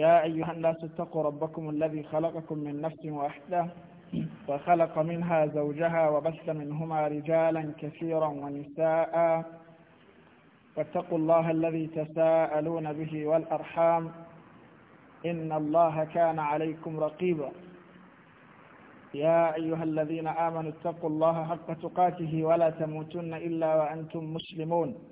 يا أيها الناس اتقوا ربكم الذي خلقكم من نفس واحدة وخلق منها زوجها وبث منهما رجالا كثيرا ونساء واتقوا الله الذي تساءلون به والأرحام إن الله كان عليكم رقيبا يا أيها الذين آمنوا اتقوا الله حق تقاته ولا تموتن إلا وأنتم مسلمون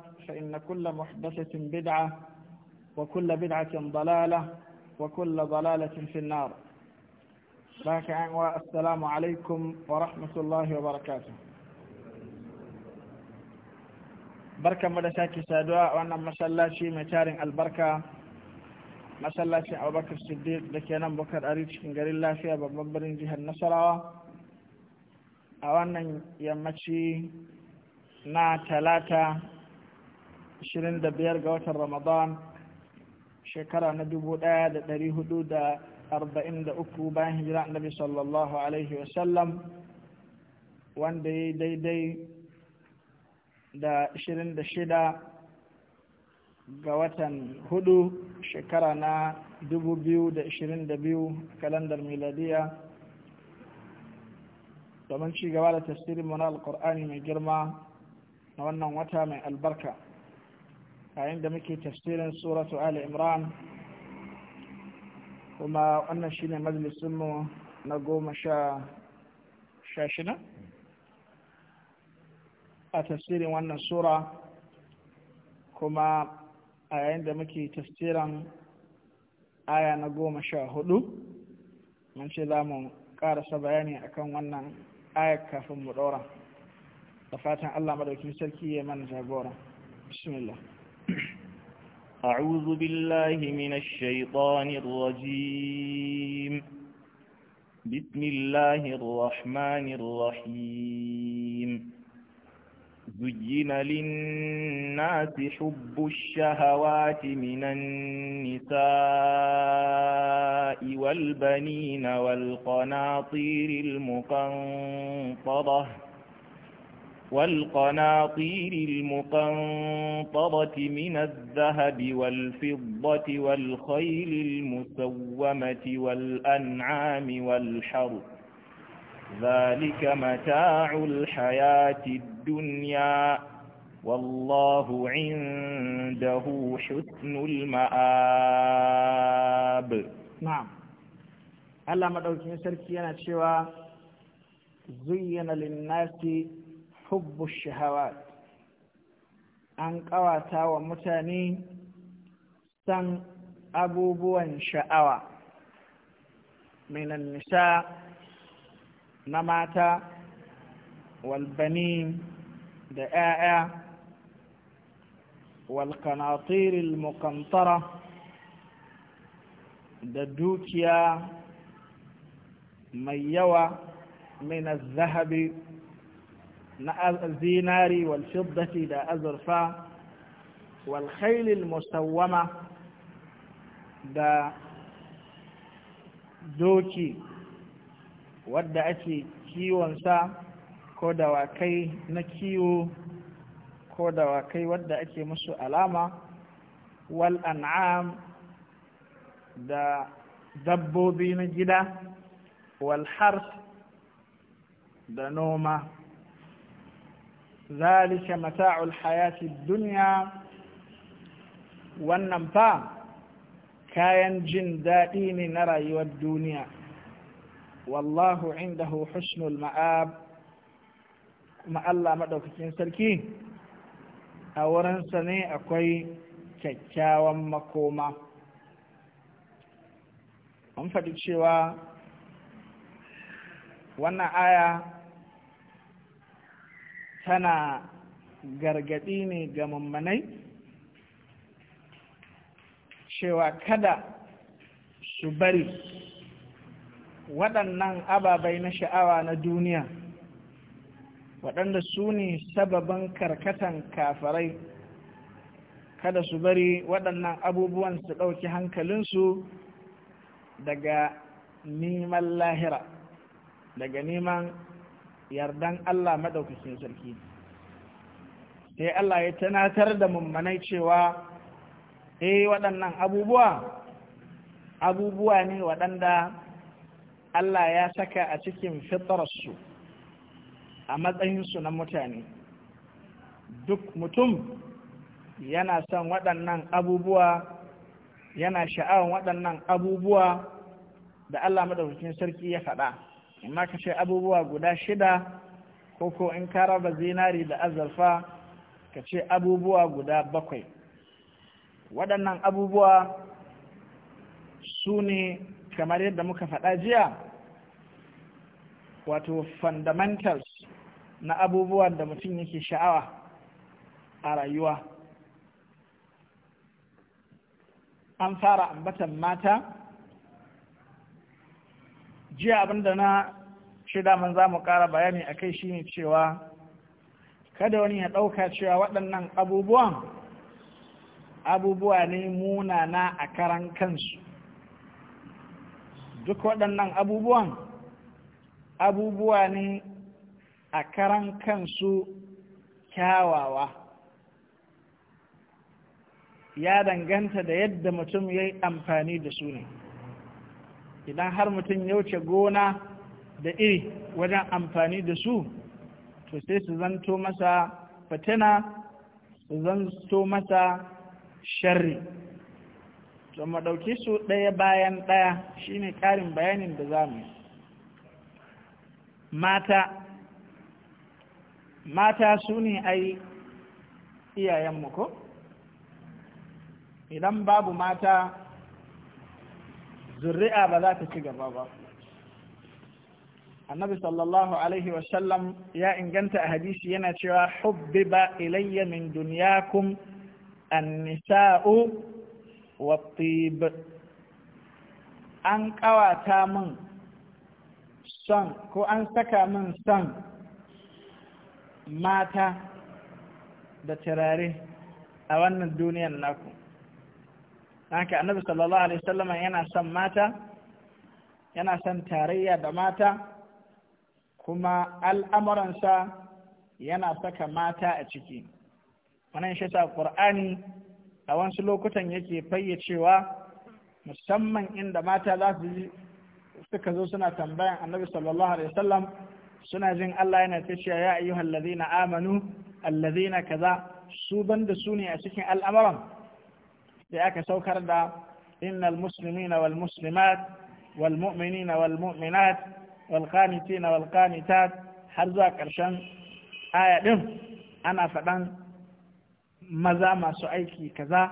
فإن كل محدثة بدعة وكل بدعة ضلالة وكل ضلالة في النار السلام عليكم ورحمة الله وبركاته بركة مدساكي سادعاء وانا مسلاشي متارن البركة masallacin abubakar siddiq da ke nan bukar ari cikin garin lafiya babban birnin jihar nasarawa na talata Ashirin da biyar ga watan ramadan shekara na dubu ɗaya da da da ɗari arba'in uku bayan hijira annabi sallallahu alaihi wasallam wanda ya yi daidai da ashirin da shida ga watan hudu shekara na dubu biyu da da ashirin biyu kalandar miladiya domin ci gaba da tasirin mana alkur'ani mai girma na wannan wata mai albarka a da muke tafsirin suratu ali imran kuma wannan shine majalisunmu na goma sha shida a tafsirin wannan sura kuma a yayin da muke tafsirin aya na goma sha hudu mun ce za mu karasa bayani akan wannan aya kafin mu ɗora da fatan allah madaukin sarki ya mana jagora bismillah أعوذ بالله من الشيطان الرجيم بسم الله الرحمن الرحيم زين للناس حب الشهوات من النساء والبنين والقناطير المقنطرة والقناطير المقنطرة من الذهب والفضة والخيل المسومة والأنعام والحرث ذلك متاع الحياة الدنيا والله عنده حسن المآب نعم ألا مدعوك من سركي أنا زين للناس hubbu shahawat an ƙawata wa mutane san abubuwan sha'awa minan nisa na mata walbanin da 'ya'ya والقناطير المقنطرة دوكيا من يوى من الذهب na zinari wal shiddati da azurfa wal khailil musawwama da doki wadda ake kiwon sa ko dawakai na kiwo ko dawakai wadda ake musu alama wal an'am da dabbobi na gida wal da noma zalika mata'ul hayati duniya wannan fa kayan jin daɗi ne na rayuwar duniya wallahu indahu husnul ma'ab kuma Allah maɗaukakin sarki a wurinsa ne akwai kyakkyawan makoma an faɗi cewa wannan aya tana gargaɗi ne ga mummanai cewa kada su bari waɗannan ababai na sha'awa na duniya waɗanda su ne sababin karkatan kafarai kada su bari waɗannan abubuwan su ɗauki hankalinsu daga neman lahira daga neman yardan Allah madaukakin sarki sai Allah ya tunatar da mummanai cewa eh waɗannan abubuwa abubuwa ne waɗanda Allah ya saka a cikin fitararsu a matsayinsu na mutane duk mutum yana son waɗannan abubuwa yana sha'awan waɗannan abubuwa da Allah madaukakin sarki ya faɗa amma ka ce abubuwa guda shida ko ko in ka raba zinari da azurfa ka ce abubuwa guda bakwai waɗannan abubuwa su ne kamar yadda muka faɗa jiya wato fundamentals na abubuwan da mutum yake sha'awa a rayuwa an fara ambatan mata jiya abinda na shida man za mu kara bayani a kai shine cewa kada wani ya ɗauka cewa waɗannan abubuwan abubuwa ne munana a karan kansu duk waɗannan abubuwan abubuwa ne a karan kansu kyawawa ya danganta da yadda mutum ya yi amfani da su ne idan har mutum ya wuce gona da iri wajen amfani da su to sai su zanto masa fatina su zanto masa sharri to mu ɗauki su ɗaya bayan ɗaya shine ƙarin bayanin da za mu yi mata mata su ne ai iyayenmu ko idan babu mata zuri'a ba za ta ci gaba ba annabi sallallahu alaihi wasallam ya inganta a hadisi yana cewa hubbiba ilayya min dunyakum annisa'u wa tib an kawata min son ko an saka min son mata da turare a wannan duniyar naku haka annabi sallallahu alaihi wasallam yana son mata yana son tarayya da mata kuma al'amuransa yana saka mata a ciki wannan shi sa qur'ani a wasu lokutan yake fayyacewa musamman inda mata za su ji suka zo suna tambayan annabi sallallahu alaihi wasallam suna jin Allah yana ta cewa ya ayyuhal ladina amanu alladhina kaza su banda su ne a cikin al'amuran da aka saukar da innal muslimina wal muslimat wal mu'minina wal mu'minat wal qanitina wal qanitat har zuwa ƙarshen aya din ana faɗan maza masu aiki kaza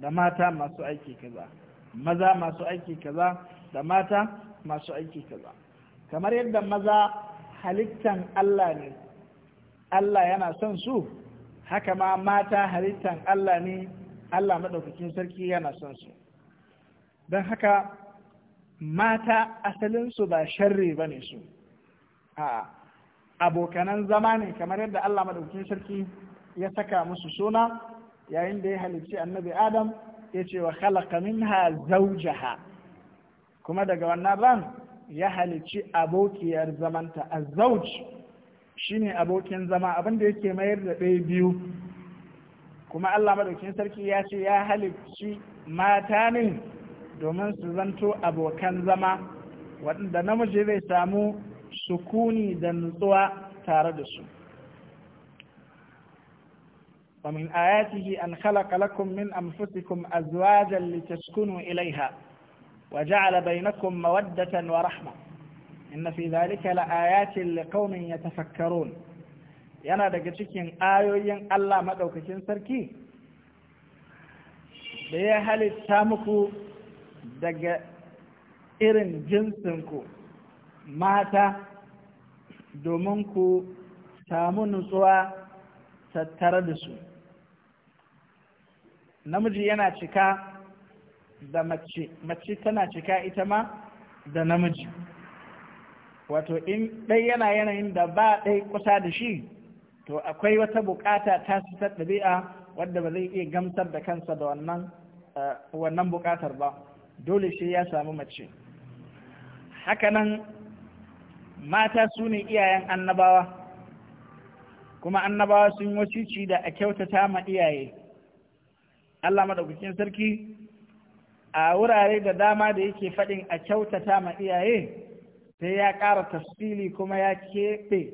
da mata masu aiki kaza maza masu aiki kaza da mata masu aiki kaza kamar yadda maza halittan Allah ne Allah yana son su haka ma mata halittan Allah ne Allah maɗaukakin sarki yana son su don haka mata asalinsu ba sharri ba ne su a abokanan zama ne kamar yadda Allah maɗaukakin sarki ya saka musu suna yayin da ya halicci annabi adam ya ce wa khalaqa minha zawjaha kuma daga wannan ran ya halicci abokiyar zamanta azzauj shine abokin zama abin da yake mayar da ɗaya biyu kuma Allah madaukin sarki ya ce ya halicci mata ne domin su zanto abokan zama waɗanda namiji zai samu sukuni da nutsuwa tare da su ومن آياته أن خلق لكم من أنفسكم أزواجا لتسكنوا إليها وجعل بينكم مودة ورحمة إن في ذلك لآيات لقوم يتفكرون yana daga cikin ayoyin Allah maɗaukakin sarki da ya halitta muku daga irin jinsinku mata domin ku samu nutsuwa tattare da su namiji yana cika da mace mace tana cika ita ma da namiji wato in ɗai yana yanayin da ba ɗai kusa da shi to akwai wata bukata ta su ta ɗabi'a wadda ba zai iya gamsar da kansa da wannan eh, wannan bukatar ba dole shi ya samu mace hakanan mata su ne iyayen annabawa kuma annabawa sun wasici da a kyautata ma iyaye Allah madaukakin sarki a wurare da dama da yake faɗin a kyautata ma iyaye sai ya ƙara tafsili kuma ya keɓe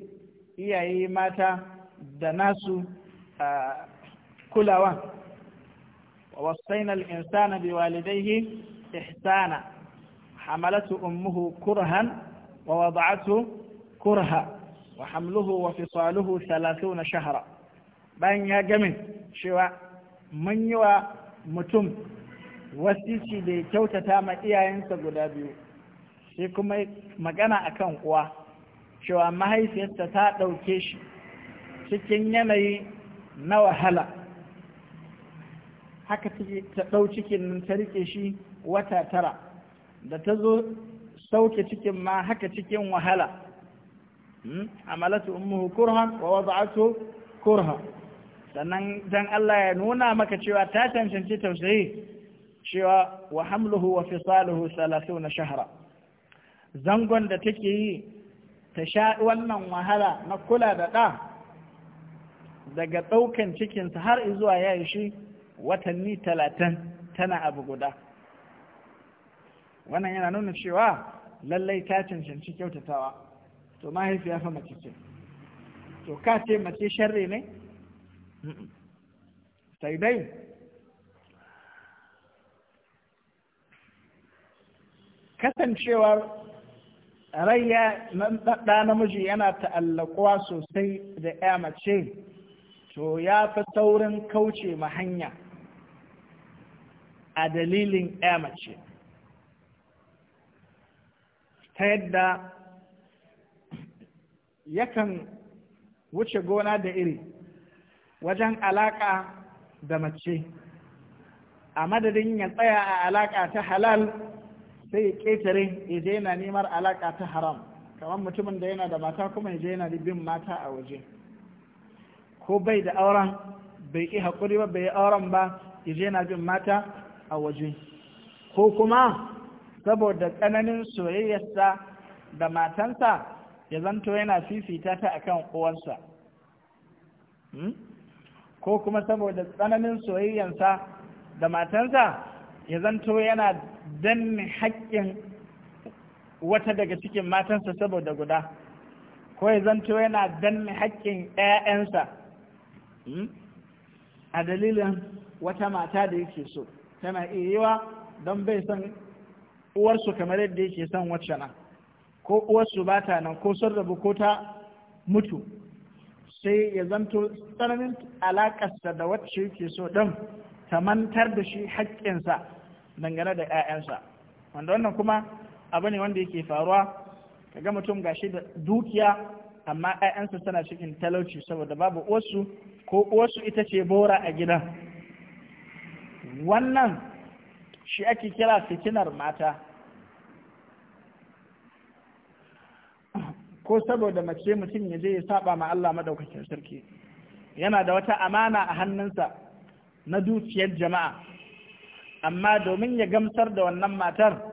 iyaye mata da nasu kulawan wasaina insana bi walidaihi ihsana hamalatu ummuhu kurhan wa wada'atu kurha wa hamluhu wa fisaluhu 30 shahara bayan ya gamin cewa mun yi wa mutum wasici da ya kyautata ma iyayensa guda biyu sai kuma magana akan uwa cewa mahaifiyarsa ta ɗauke shi cikin yanayi na wahala haka ta ɗau cikin nan ta riƙe shi wata tara da ta zo sauke cikin ma haka cikin wahala hmm? amalatu ummuhu kurhan wa wada'atu kurha sannan dan Allah ya nuna maka cewa ta cancanci tausayi cewa wa hamluhu wa fisaluhu na shahra zangon da take yi ta sha wannan wahala na kula da ɗa daga ɗaukan cikinsa har izuwa ya shi watanni talatin tana abu guda wannan yana nuna cewa lallai ta cancanci kyautatawa to mahaifiya fa mace ce to ka ce mace sharri ne sai dai kasancewar rayya ɗa namiji yana ta'allakuwa sosai da ya mace to ya fi saurin kauce ma hanya a dalilin mace ta yadda yakan wuce gona da iri wajen alaƙa da mace a madadin ya tsaya a alaƙa ta halal sai ya ƙetare ya je yana nemar alaƙa ta haram kamar mutumin da yana da mata kuma ya je yana bin mata a waje. ko bai da auren bai yi haƙuri ba bai yi auren ba yaje na bin mata a waje ko kuma saboda tsananin soyayyarsa da matansa ya zanto yana fifita ta akan uwansa. Hmm? ko kuma saboda tsananin soyayyarsa da matansa ya zanto yana danne haƙƙin wata daga cikin matansa saboda guda ko ya zanto yana danne haƙƙin 'ya'yansa Hmm? a dalilin wata mata da yake so tana iya yiwa don bai son uwarsu kamar yadda yake son wacce nan ko uwarsu ba ta nan ko sun rabu ko ta mutu sai ya zanto tsananin alakarsa da wacce yake so ɗin ta mantar da shi haƙƙinsa dangane da 'ya'yansa wanda wannan kuma abu ne wanda yake faruwa ga mutum gashi da dukiya amma 'ya'yansa tana cikin talauci saboda babu uwarsu ko uwarsu ita ce bora a gidan wannan shi ake kira fitinar mata ko saboda mace mutum ya je ya saba ma Allah madaukakin sarki yana da wata amana a hannunsa na dukiyar jama'a amma domin ya gamsar da wannan matar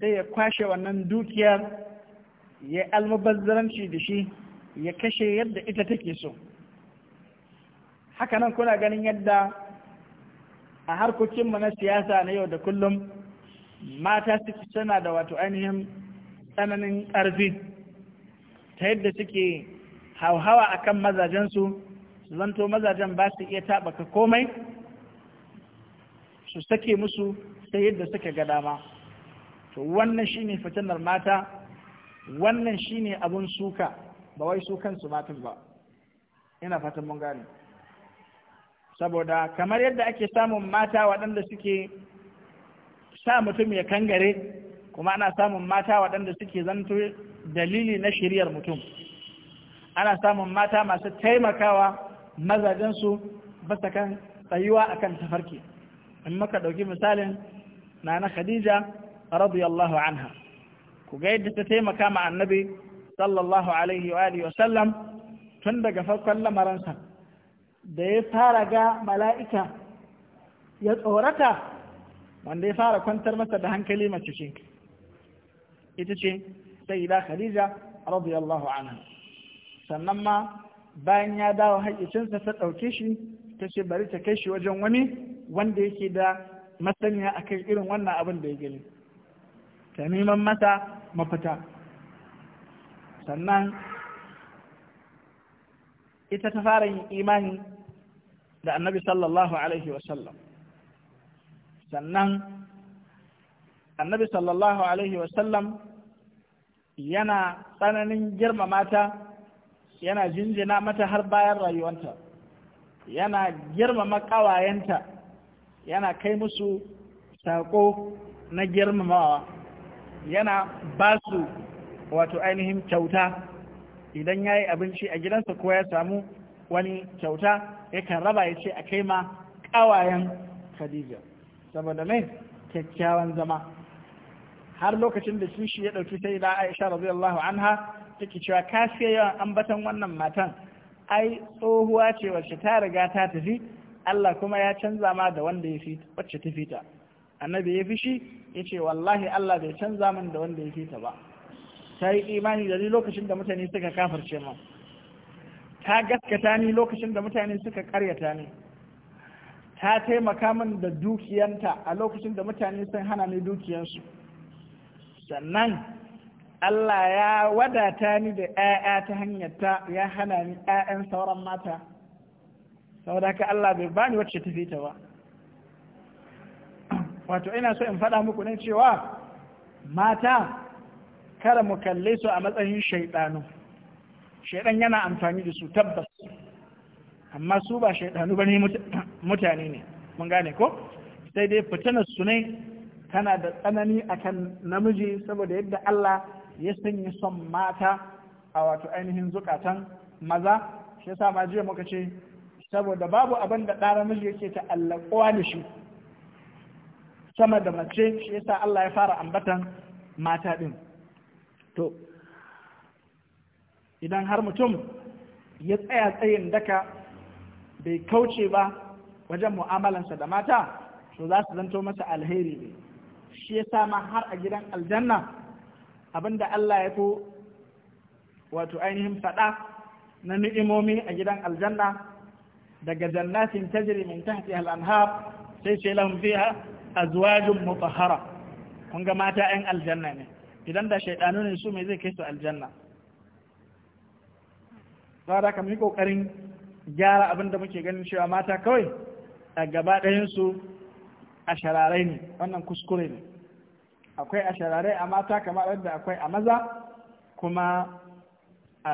sai ya kwashe wannan dukiyar ya almubazzaranci da shi ya kashe yadda ita take so hakanan kuna ganin yadda a harkokinmu na siyasa na yau da kullum mata suke suna da wato ainihin tsananin ƙarfi ta yadda suke hauhawa a kan mazajensu su zanto mazajen ba su iya taɓaka komai su sake musu sai yadda suka ga dama to wannan shine fitinar mata wannan shi ne abun suka ba wai su kansu ba ina fatan mun gane saboda kamar yadda ake samun mata waɗanda suke sa mutum ya kangare kuma ana samun mata waɗanda suke zanto dalili na shiriyar mutum ana samun mata masu taimakawa mazajensu basa kan tsayuwa akan tafarki in maka ɗauki misalin na na khadija radiyallahu anha ku ga yadda ta taimaka ma annabi sallallahu alaihi wa alihi wasallam tun daga farkon lamaransa da ya fara ga mala'ika ya tsorata wanda ya fara kwantar masa da hankali mace ce ita ce sai ila khadija radiyallahu anha sannan ma bayan ya dawo haƙƙicinsa ta ɗauke shi ta ce bari ta kai shi wajen wani wanda yake da masaniya akan irin wannan abin da ya gani ta neman mata mafita sannan ita ta fara yin imani da annabi sallallahu alaihi wasallam sannan annabi sallallahu alaihi wasallam yana tsananin girmamata yana jinjina mata har bayan rayuwanta yana girmama ƙawayenta yana kai musu saƙo na girmamawa yana ba su wato ainihin kyauta idan ya yi abinci a gidansa ko ya samu wani kyauta yakan raba ya ce a kai ma ƙawayen khadija saboda mai kyakkyawan zama har lokacin da sun shi ya ɗauki sai da aisha radiyallahu anha take cewa ka siya yawan ambatan wannan matan ai tsohuwa ce wacce ta riga ta tafi Allah kuma ya canza ma da wanda ya fi wacce ta fita annabi ya fi shi yace wallahi Allah bai canza min da wanda ya fita ba ta yi imani da ni lokacin da mutane suka kafirce min ta gaskata ni lokacin da mutane suka karyata ni ta taimaka min da dukiyanta a lokacin da mutane sun hana ni dukiyansu sannan Allah ya wadata ni da ‘ya'ya ta hanyar ya hana ni ‘ya'yan sauran mata saboda haka Allah bai bani wacce ta fita ba wato ina so in faɗa muku ne cewa mata kada mu kalle su a matsayin shaidanu shaidan yana amfani da su tabbas amma su ba shaidanu ba ne mutane ne mun gane ko sai dai fitinar su ne tana da tsanani akan namiji saboda yadda Allah ya sanya son mata a wato ainihin zukatan maza shi yasa ma jiya muka ce saboda babu abin da ɗara miji yake ta'allaƙuwa da shi sama da mace shi yasa Allah ya fara ambatan mata ɗin to idan har mutum ya tsaya tsayin daka bai kauce ba wajen mu'amalansa da mata to za su zanto masa alheri ne shi ya sa ma har a gidan aljanna abinda Allah ya fi wato ainihin faɗa na ni'imomi a gidan aljanna daga jannatin tajri min tahtiha al-anhar sai sai lahum fiha azwajun mutahara kun ga mata yan aljanna ne idan da shaidanu ne su mai zai kai su aljanna za da kamar kokarin gyara abin da muke ganin cewa mata kawai a gaba ɗayansu a shararai ne wannan kuskure ne akwai a shararai a mata kamar yadda akwai a maza kuma a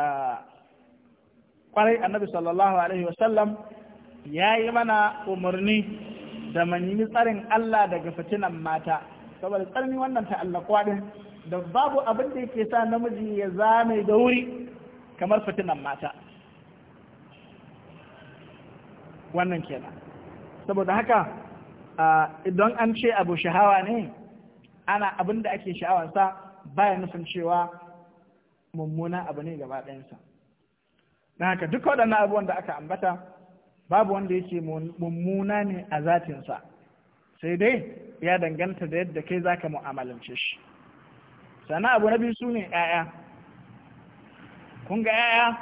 kwarai annabi sallallahu alaihi wasallam ya yi mana umarni da manimi tsarin Allah daga fitinan mata saboda tsarni wannan ta'allakuwa din da babu abin da yake sa namiji ya zame da wuri kamar fitinan mata wannan kenan saboda haka idan an ce abu shahawa ne ana abin da ake sha'awarsa baya nufin cewa mummuna abu ne gaba ɗayansa don haka duk waɗannan abubuwan da aka ambata babu wanda yake mummuna ne a zatinsa sai dai ya danganta da yadda kai zaka mu'amalance shi sana abu na biyu su ne 'ya'ya kun ga 'ya'ya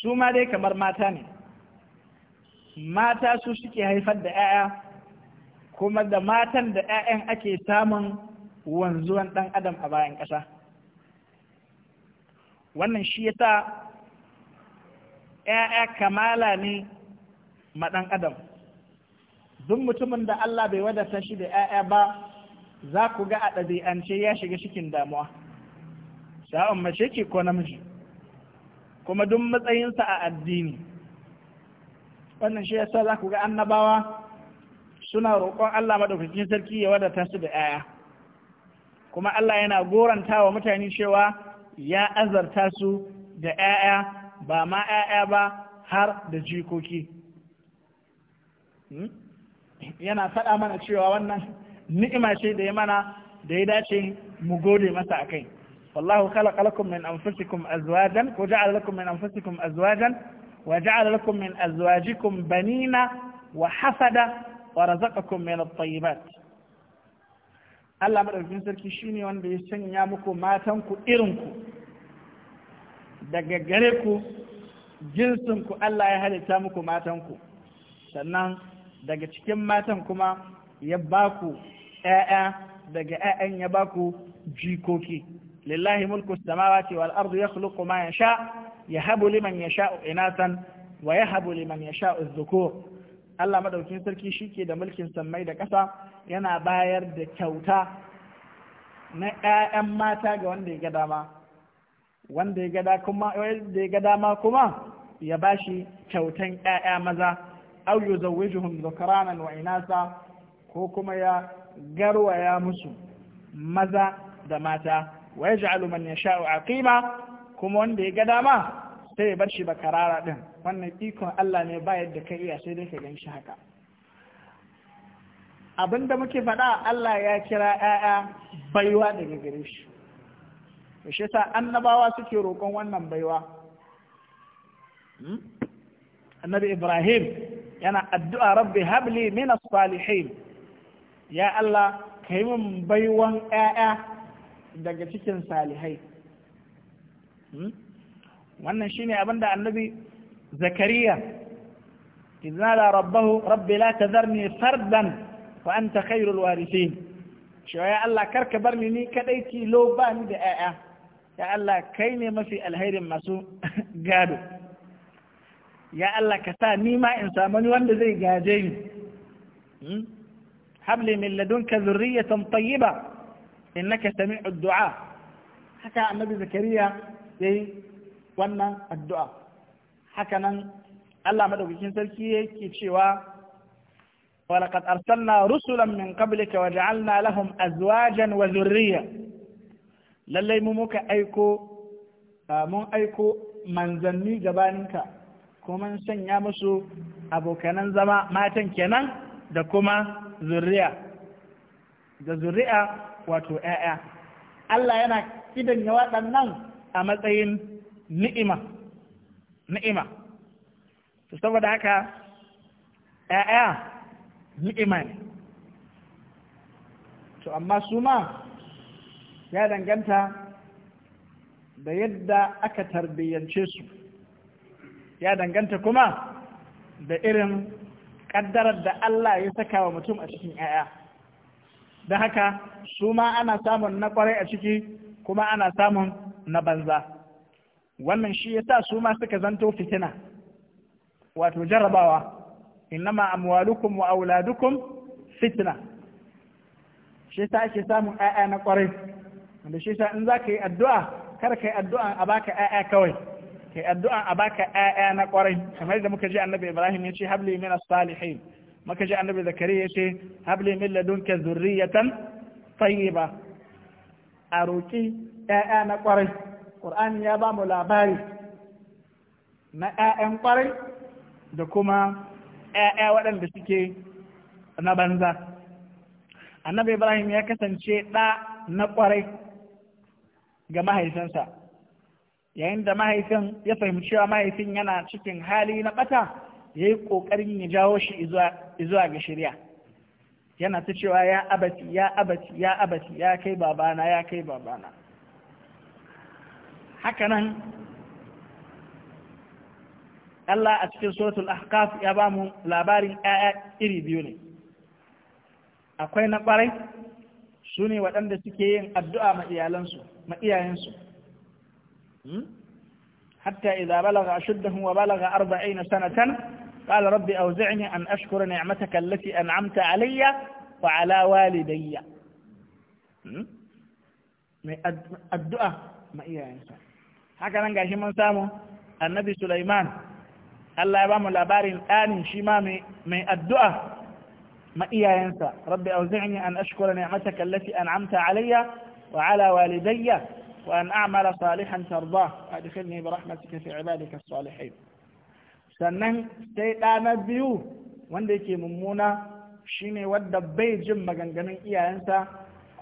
su ma dai kamar mata ne mata su suke haifar da 'ya'ya kuma da matan da 'ya'yan ake samun wanzuwan ɗan adam a bayan ƙasa wannan shi ya sa ‘ya'ya kamala ne Maɗan adam duk mutumin da Allah bai wadata shi da 'ya'ya ba za ku ga a ɗabi'ance ya shiga cikin damuwa sha'an mace ke ko namiji kuma duk matsayinsa a addini wannan shi yasa za ku ga annabawa suna roƙon Allah maɗaukakin sarki ya wadata su da 'ya'ya kuma Allah yana goranta wa mutane cewa ya azarta su da 'ya'ya ba ma 'ya'ya ba har da jikoki Hmm? yana faɗa mana cewa wannan ni'ima ce da ya mana da ya dace mu gode masa a kai wallahu khalaqa lakum min anfusikum azwajan wa ja'ala lakum min anfusikum azwajan wa ja'ala lakum min azwajikum banina wa hasada wa razaqakum min at-tayyibat Allah madaukakin sarki shine wanda ya sanya muku matan ku irin ku daga gare ku jinsin ku Allah ya halitta muku matan ku sannan daga cikin matan kuma ya ba ku ‘ya'ya daga ‘ya'yan ya ba ku jikoki lillahi mulku samawa ce wal ardu yakhluqu ma yasha habu liman yasha'u inatan wa ya habu liman yasha'u dhukur Allah maɗaukin sarki shi ke da mulkin sammai da ƙasa yana bayar da kyauta na ‘ya'yan mata ga wanda ya ga dama wanda ya ga dama kuma ya bashi kyautan ‘ya'ya maza aw yuzawwijuhum dhukranan wa inasa ko kuma ya garwaya musu maza da mata wa yaj'alu man a aqima kuma wanda ya ga dama sai ya bar shi bakarara din wannan ikon Allah ne ba yadda ka iya sai dai ka gan shi haka abinda muke faɗa Allah ya kira ‘ya'ya baiwa daga gare shi shi sa annabawa suke roƙon wannan baiwa hmm? annabi ibrahim yana addu'a rabbi habli min salihin ya Allah ka yi min baiwan ‘ya'ya daga cikin salihai hmm? wannan shine abin da annabi zakariya iznala rabbahu rabbi la tazarni fardan wa anta khairul warithin cewa ya Allah karka bar ni ni kadai tilo ba ni da ‘ya'ya ya Allah kai ne mafi alherin masu gado ya Allah ka sa ni ma in samu wanda zai gaje ni hmm? habli min ladunka zurriyatan tayyiba innaka sami du'a haka annabi zakariya yayi wannan addu'a haka nan Allah madaukakin sarki yake cewa ولقد أرسلنا رسلا من قبلك وجعلنا لهم أزواجا وذرية للي ممك أيكو من أيكو من زني جبانك kuma mun sanya musu abokanan zama matan kenan da kuma zuriya da zuriya wato ‘ya'ya Allah yana yawa waɗannan a matsayin ni'ima ni'ima saboda haka ‘ya'ya ni'ima ne to amma su ma ya danganta da yadda aka tarbiyyance su ya danganta kuma da irin ƙaddarar da Allah ya saka wa mutum a cikin 'ya'ya da haka su ma ana samun na ƙwarai a ciki kuma ana samun na banza wannan shi ya sa su ma suka zanto fitina wato jarrabawa innama amwalukum wa auladukum fitna shi yasa ake samun 'ya'ya na ƙwarai, wanda shi sa in za ka yi addu'a kar ka yi addu'a a baka 'ya'ya kawai kai addu'a a baka ƴaƴa na kwarai kamar da muka ji annabi Ibrahim ya ce habli min as-salihin muka ji annabi Zakariya ya ce habli min ladunka zurriyatan tayyiba a roki ƴaƴa na kwarai Qur'ani ya ba mu labari na ƴaƴan kwarai da kuma ƴaƴa waɗanda suke na banza annabi Ibrahim ya kasance ɗa na kwarai ga mahaifinsa yayin da mahaifin ya fahimci cewa mahaifin yana cikin hali na bata ya yi ƙoƙarin ya jawo shi izuwa ga shirya yana ta cewa ya abati ya abati ya abati ya kai babana ya kai babana hakanan Allah a cikin suratul ahqaf ya ba mu labarin 'ya'ya iri biyu ne akwai na ƙwarai su ne waɗanda suke yin addu'a ma ma iyayensu حتى إذا بلغ أشده وبلغ أربعين سنة قال ربي أوزعني أن أشكر نعمتك التي أنعمت علي وعلى والدي الدعاء ما إيه يا إنسان هكذا نقع شما سامو النبي سليمان قال الله يبامو لباري الآن شما من الدعاء ما إيه يا إنسان ربي أوزعني أن أشكر نعمتك التي أنعمت علي وعلى والدي وأن أعمل صالحا ترضاه أدخلني برحمتك في عبادك الصالحين سنن سيطان بيو وندي كي ممونا شيني ود بي جم مغنغنن إيا أنسا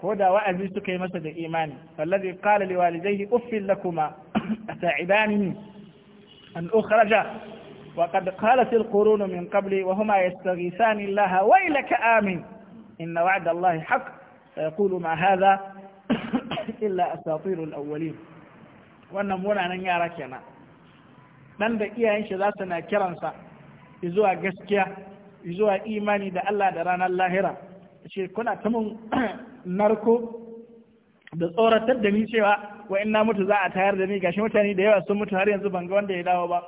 كودا وأزيس كي مسد إيماني فالذي قال لوالديه أفل لكما أتعباني أن أخرج وقد قالت القرون من قبل وهما يستغيثان الله ويلك آمن إن وعد الله حق فيقول ما هذا illa asatirul awwalin wannan munanan yara kenan dan da iyayen shi za su na kiransa zuwa gaskiya zuwa imani da Allah da ranar lahira ce kuna ta mun narko da tsoratar da ni cewa wa na mutu za a tayar da ni gashi mutane da yawa sun mutu har yanzu ban ga wanda ya dawo ba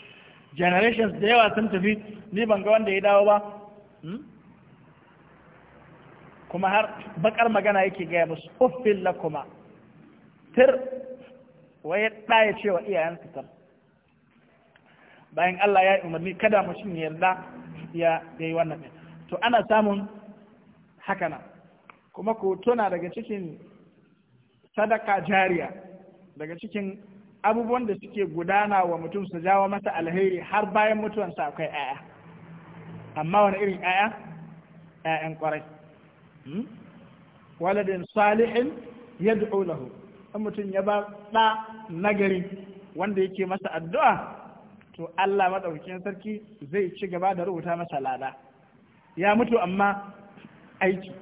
generations da yawa sun tafi ni ban ga wanda ya dawo ba hmm? kuma har bakar magana yake gaya musu uffin kuma, tir waye ɗaya cewa iyayen fitar bayan Allah ya umarni kada mutum ya yarda ya yi wannan ɗin to ana samun haka na. kuma ku tuna daga cikin sadaka jariya daga cikin abubuwan da suke gudana wa mutum su jawo masa alheri har bayan mutuwansa akwai 'ya'ya amma wani irin 'ya'ya 'ya'yan kwarai Hmm? waladin salihin yad'u lahu in mutum ya ba ɗa nagari wanda yake masa addu'a to Allah maɗaukakin sarki zai ci gaba da rubuta masa lada ya mutu amma aiki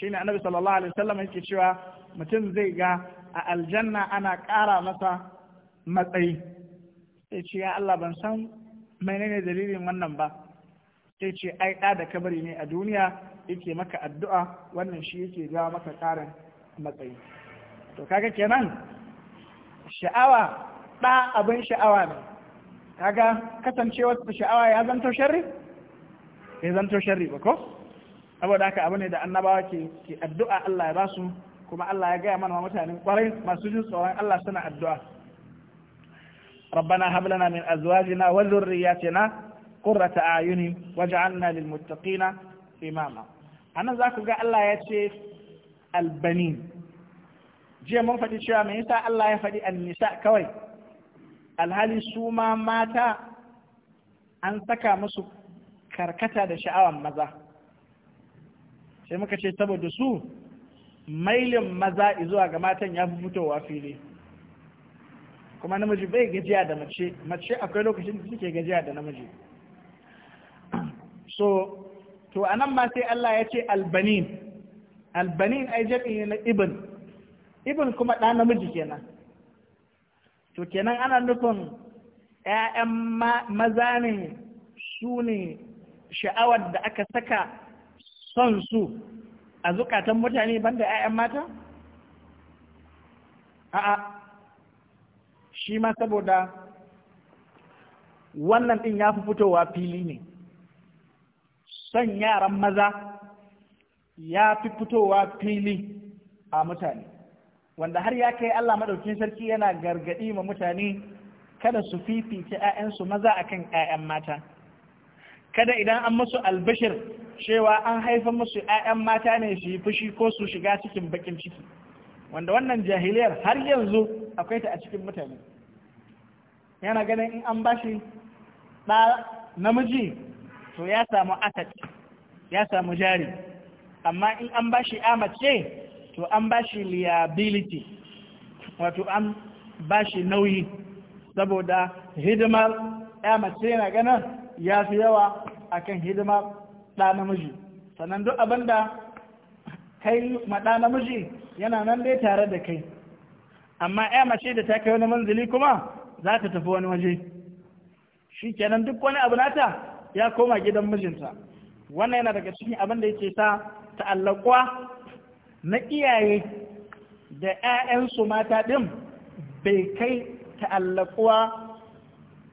shine annabi sallallahu alaihi wasallam yake cewa mutum zai ga a aljanna ana ƙara masa matsayi sai ce ya Allah ban san menene dalilin wannan ba sai ce ai da kabari ne a duniya yake maka addu'a wannan shi yake jawo maka ƙarin matsayi to kaga kenan sha'awa ɗa abin sha'awa ne kaga kasancewar sha'awa ya zanto shari? ya zanto shari ba ko saboda haka abu ne da annabawa ke ke addu'a Allah ya ba su kuma Allah ya gaya mana mutanen kwarai masu jin tsoron Allah suna addu'a ربنا هب لنا من ازواجنا وذرياتنا قرة اعين واجعلنا للمتقين imama anan za ku ga Allah ya ce albanin jiya mun faɗi cewa me yasa Allah ya faɗi annisa kawai alhali su ma mata an saka musu karkata da sha'awan maza sai muka ce saboda su mailin maza zuwa ga matan ya fi fitowa fili kuma namiji bai gajiya da mace mace akwai lokacin da suke gajiya da namiji so to a nan ma sai Allah ya ce albanin albanin ai jami na ibn ibn kuma ɗa namiji kenan to kenan ana nufin ‘ya'yan maza ne su ne sha'awar da aka saka son su a zukatan mutane banda ‘ya'yan mata? A'a, shi ma saboda wannan ɗin ya fi fitowa fili ne. son yaran maza ya fi fitowa fili a mutane wanda har ya kai Allah Maɗaukin sarki yana gargaɗi ma mutane kada su fifice 'ya'yansu maza akan 'ya'yan mata kada idan an musu albashir cewa an haifa musu 'ya'yan mata ne su yi fushi ko su shiga cikin bakin ciki wanda wannan jahiliyar har yanzu akwai ta a cikin mutane yana ganin in an bashi ɗa namiji to ya samu asad ya samu jari amma in an ba bashi amace to an ba shi liability wato an ba shi nauyi saboda hidimar amace na ganin ya fi yawa a kan hidimar ɗa namiji sannan duk abinda kai maɗa namiji yana nan dai tare da kai amma ya mace da ta kai wani manzili kuma za ta tafi wani waje shi kenan duk wani abu nata ya koma gidan mijinta wannan yana daga cikin abin da yake ta ta'allakwa na iyaye da 'ya'yansu mata ɗin bai kai ta'allakuwa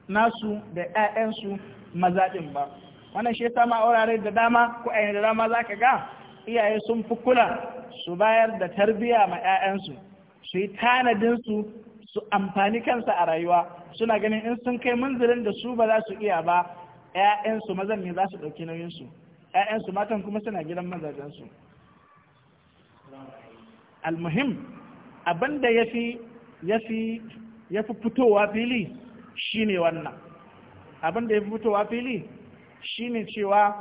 nasu da 'ya'yansu maza ɗin ba wannan shi sama a wurare da dama ko a da dama za ka ga iyaye sun fi kula su bayar da tarbiyya ma 'ya'yansu su yi tanadinsu su amfani kansa a rayuwa suna ganin in sun kai munzirin da su ba za su iya ba yayansu mazan ne za su ɗauki nauyinsu yayansu matan kuma suna gidan mazajensu almuhim muhim, abin da ya fi fitowa fili shi ne wannan Abin da ya fi fitowa fili shi ne cewa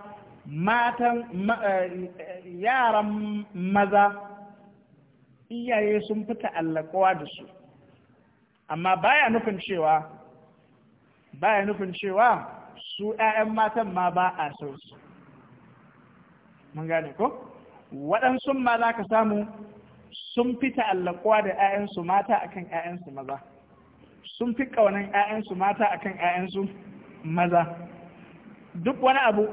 matan eh, eh, yaran maza iyaye sun fi allakowa da su amma baya nufin cewa baya nufin cewa su ‘ya'yan matan ma ba a so su mun gane ko waɗansu ma za ka samu sun fi ta'allakuwa da ‘ya'yansu mata akan ‘ya'yansu maza sun fi ƙaunan ‘ya'yansu mata akan ‘ya'yansu maza duk wani abu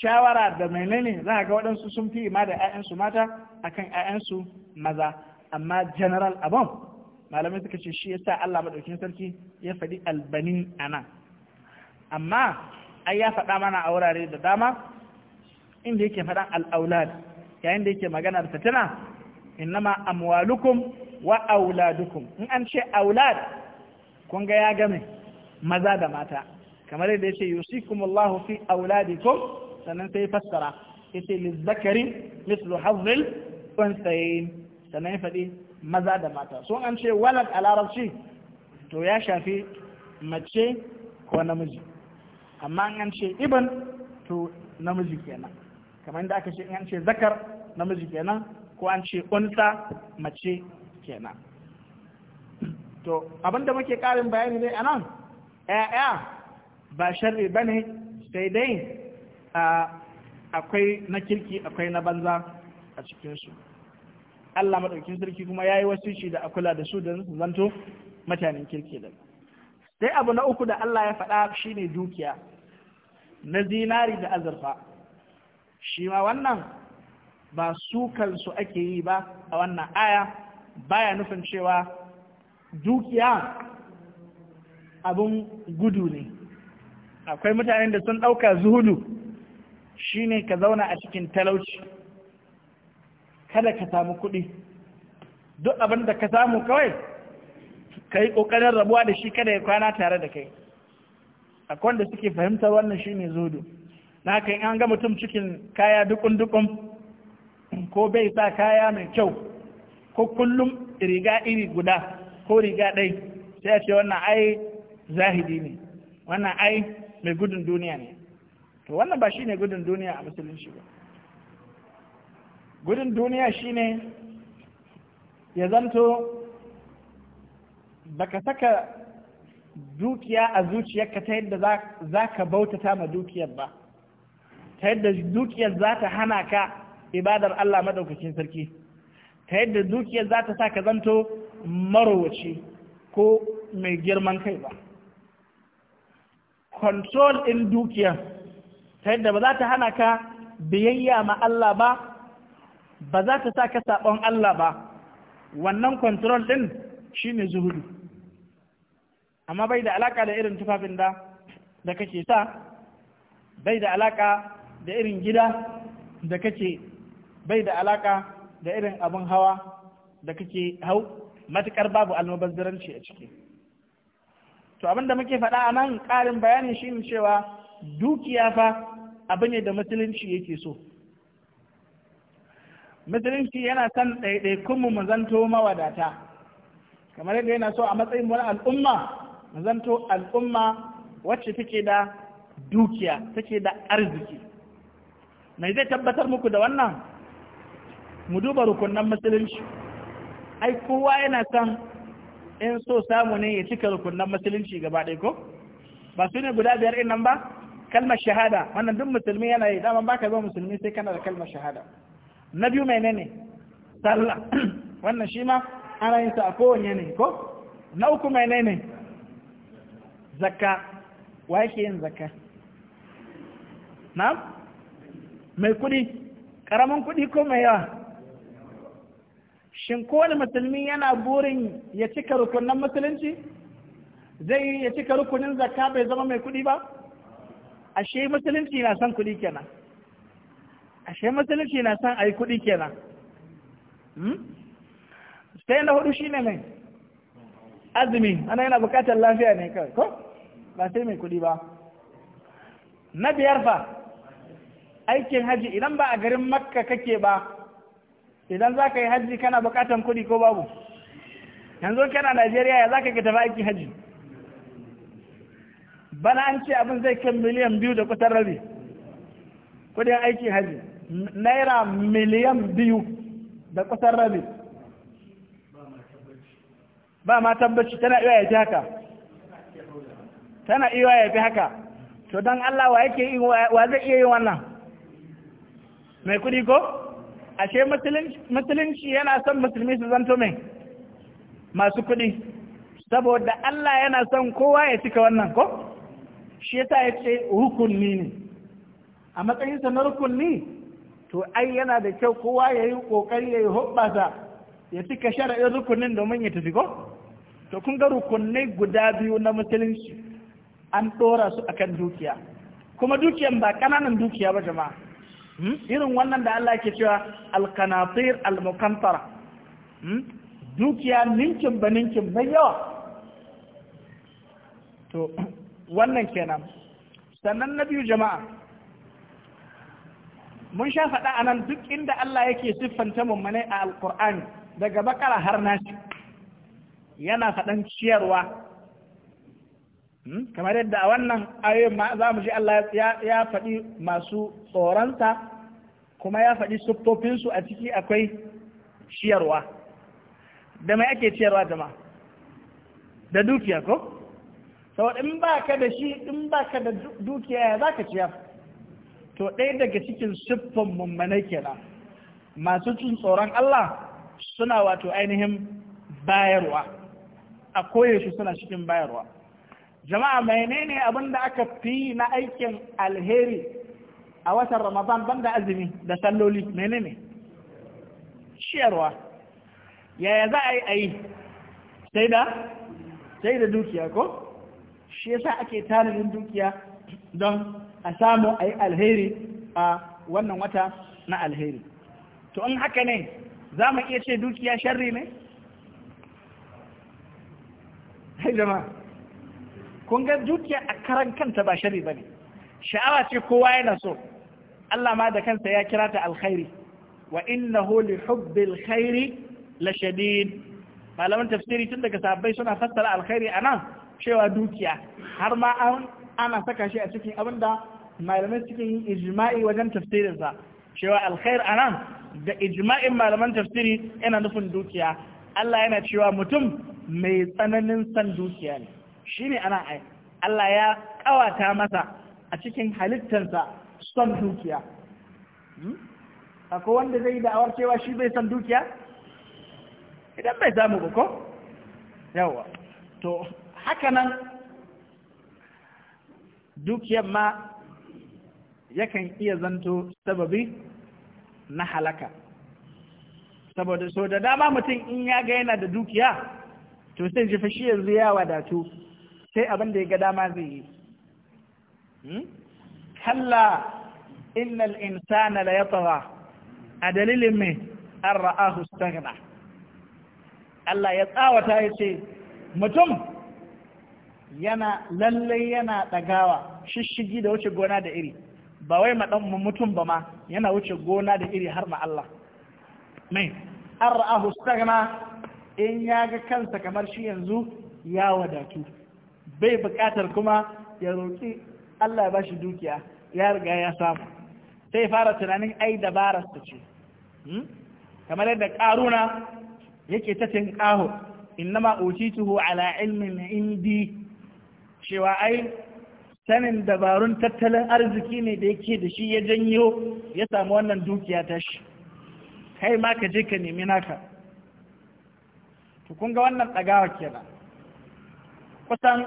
shawara da menene za ga waɗansu sun fi ma da 'ya'yansu mata akan 'ya'yansu maza amma general abon malamai suka ce shi ya sa Allah maɗaukin sarki ya faɗi albanin ana amma ai ya faɗa mana a wurare da dama inda yake faɗan al'aulad yayin da yake magana da fitina innama amwalukum wa auladukum in an ce aulad kun ga ya game maza da mata kamar yadda yace yusikumullahu fi auladikum sannan sai fassara yace lizzakari mislu hazil unsayin sannan ya faɗi maza da mata sun an ce walad a larabci to ya shafi mace ko namiji amma an ce iban to namiji kenan kamar yadda aka ce in an ce zakar namiji kenan ko an ce unsa mace kenan to abinda muke karin bayani dai anan ya'ya ba sharri bane sai dai akwai na kirki akwai na banza a cikinsu Allah maɗaukin sarki kuma ya yi wasu da a kula da su da zanto mutanen kirki da sai abu na uku da Allah ya faɗa shine dukiya na zinari da azurfa shi ma wannan ba su kansu ake yi ba a wannan aya baya nufin cewa dukiya abun gudu ne akwai mutanen da sun ɗauka zuhudu ne ka zauna a cikin talauci kada ka samu kuɗi duk abin da ka samu kawai ka yi ƙoƙarin rabuwa da shi kada ya kwana tare da kai akwai wanda suke fahimtar wannan shine zudu na kan an ga mutum cikin kaya dukun-dukun ko bai sa kaya mai kyau ko kullum riga iri guda ko riga ɗai sai a ce wannan ai zahidi ne wannan ai mai gudun duniya ne to wannan ba shine gudun duniya a musulunci ba gudun duniya shine ya zanto baka saka dukiya a zuciyarka ta yadda za ka bautata ma dukiyar ba ta yadda dukiyar za ta hana ka ibadar Allah maɗaukacin sarki ta yadda dukiyar za ta sa ka zanto marowaci ko mai girman kai ba control in dukiyar ta yadda ba za ta hana ka biyayya ma Allah ba ba za ta sa ka saɓon Allah ba wannan control shi ne zuhudu amma bai da alaka da irin tufafin da da kake sa bai da alaka da irin gida da kake bai da alaka da irin abin hawa da kake hau matukar babu almubazzaranci a ciki to abin da muke faɗa a nan ƙarin bayani shine cewa dukiya fa abu ne da musulunci yake so musulunci yana son ɗaiɗaikunmu mu zanto mawadata kamar yadda yana so a matsayin wani al'umma zanto al'umma wacce take da dukiya take da arziki mai zai tabbatar muku da wannan mu duba rukunan musulunci ai kowa yana son in so samu ne ya cika rukunan musulunci gaba ɗaya ko ba su ne guda biyar ɗin nan ba kalmar shahada wannan duk musulmi yana yi daman baka zama musulmi sai kana da kalmar shahada na biyu mai nene? sallah wannan shi ma ana yin sa a kowane ne ko na uku mai nene? zakka wa yake yin zakka na'am mai kudi karamin kudi ko mai yawa shin kowane musulmi yana burin ya cika rukunin musulunci zai yi ya cika rukunin zakka bai zama mai kudi ba ashe musulunci na son kudi kenan ashe musulunci na son ai kudi kenan hmm? sai na hudu shine mai azumi ana yana bukatar lafiya ne kawai ko ba sai mai kuɗi ba na biyar fa aikin haji idan ba a garin makka kake ba idan za ka yi haji kana bukatar kuɗi ko babu yanzu kana najeriya ya za ka tafi aikin haji bana an ce abin zai kai miliyan biyu da kusan rabi kudin aikin haji naira miliyan biyu da kusan rabi ba ma tabbaci tana iya ya haka tana iya ya haka to don Allah wa yake yi wa zai iya yin wannan mai kudi ko ashe musulunci yana son musulmi su zanto mai masu kudi saboda Allah yana son kowa ya cika wannan ko shi yasa ya ce rukunni ne a matsayinsa na rukunni to ai yana da kyau kowa ya yi ƙoƙari ya yi ya cika shara'in rukunin domin ya tafi ko to kun ga rukunai guda biyu na musulunci an ɗora su akan dukiya kuma dukiyan ba ƙananan dukiya ba jama'a hmm? irin wannan da Allah ke cewa alkanatir almukantara hmm? dukiya ninkin ba ninkin mai yawa to wannan kenan sannan na biyu jama'a mun sha faɗa a nan duk inda Allah yake siffanta mummune a alkur'ani daga bakara har nashi yana faɗan ciyarwa hmm? kamar yadda a wannan ayoyin ma za mu ji Allah ya faɗi masu tsoronsa kuma ya faɗi siffofinsu a ciki akwai ciyarwa da mai ake ciyarwa jama da dukiya ko? sau in ba ka da shi in ba ka da dukiya ya za ka ciyar to ɗaya daga cikin siffan mummanai kenan masu cin tsoron Allah suna wato ainihin bayarwa a koyaushe suna cikin bayarwa jama'a menene abin da aka fi na aikin alheri a watan ramadan banda azumi da salloli menene ciyarwa yaya za a yi a yi sai da sai da dukiya ko shi yasa ake tanadin dukiya don a samu a yi alheri a wannan wata na alheri to in haka ne za mu iya ce dukiya sharri ne kai jama'a kun ga dukiya a karan kanta ba shari ne, sha'awa ce kowa yana so Allah ma da kansa ya kira ta alkhairi wa innahu li hubbil khairi la shadid malaman tafsiri tun daga sahabbai suna fassara alkhairi anan cewa dukiya har ma ana saka shi a cikin abinda malaman cikin ijma'i wajen tafsirinsa cewa alkhair anan da ijma'in malaman tafsiri yana nufin dukiya Allah yana cewa mutum mai tsananin san dukiya ne shi ne ana ai Allah ya kawata masa a cikin halittarsa son dukiya hmm? akwai wanda zai da'awar cewa shi bai san dukiya idan bai samu ba ko yawa to haka nan dukiyar ma yakan iya zanto sababi na halaka saboda so da dama mutum in ya ga yana da dukiya to sai ji fashi yanzu ya wadatu sai abin da ya ga dama zai yi hmm? kalla innal insana la yatgha a dalilin me an ra'ahu staghna Allah ya tsawata ya ce mutum yana lallai yana ɗagawa shishigi da wuce gona da iri ba wai ma mutum ba ma yana wuce gona da iri har ma Allah mai an ra'ahu staghna in ya ga kansa kamar shi yanzu ya wadatu bai buƙatar kuma ya roƙi Allah ba shi dukiya ya riga ya samu sai fara tunanin ai dabarar ta ce hmm? kamar yadda ƙaruna yake ta tinƙaho innama utituhu ala ilmin indi cewa ai sanin dabarun tattalin arziki ne da yake da shi ya janyo ya samu wannan dukiya ta shi kai ma ka je ka nemi naka to kun ga wannan tsagawa kenan kusan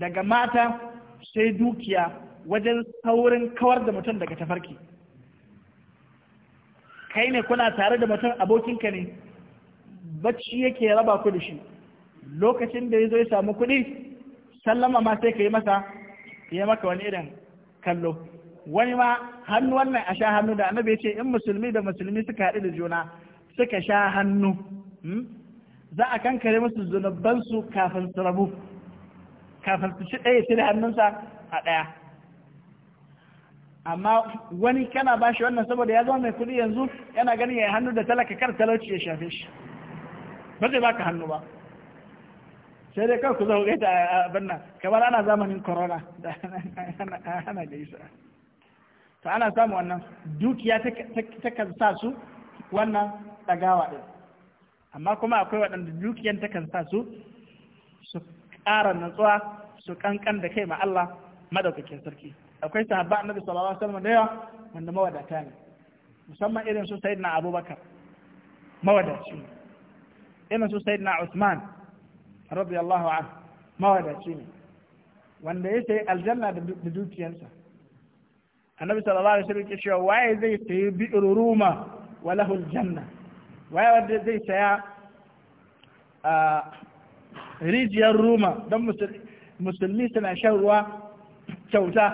daga mata sai dukiya wajen saurin kawar da mutum daga tafarki kai ne kuna tare da mutum abokinka ne bacci yake raba ku da shi lokacin da ya zo ya samu kuɗi sallama ma sai ka yi masa ya maka wani irin kallo wani ma hannu wannan a sha hannu da annabi ya ce in musulmi da musulmi suka haɗu da juna suka sha hannu hmm? za a kankare musu zunubansu kafin su rabu kafin su ci ɗaya da hannunsa a ɗaya amma wani kana ba shi wannan saboda ya zama mai kuɗi yanzu yana ganin ya yi hannu da talaka kar talauci ya shafe shi ba zai baka hannu ba sai dai kawai ku zo gaita a banna kamar ana zamanin corona da ana gaisa to ana samu wannan dukiya ta kan sa su wannan ɗagawa ɗin amma kuma akwai waɗanda dukiyan kan sa su su ƙara natsuwa su ƙanƙan da kai ma Allah madaukakin sarki akwai sahabba annabi sallallahu alaihi wasallam da yawa wanda mawadata ne musamman irin su sayyidina Abubakar mawadaci ne irin su sayyidina Usman radiyallahu anhu mawadaci ne wanda ya sayi aljanna da dukiyansa annabi sallallahu alaihi wasallam ya ce waye zai sayi bi'ruruma wa lahu aljanna waye wanda zai saya a rijiyar roma don musulmi suna shan ruwa kyauta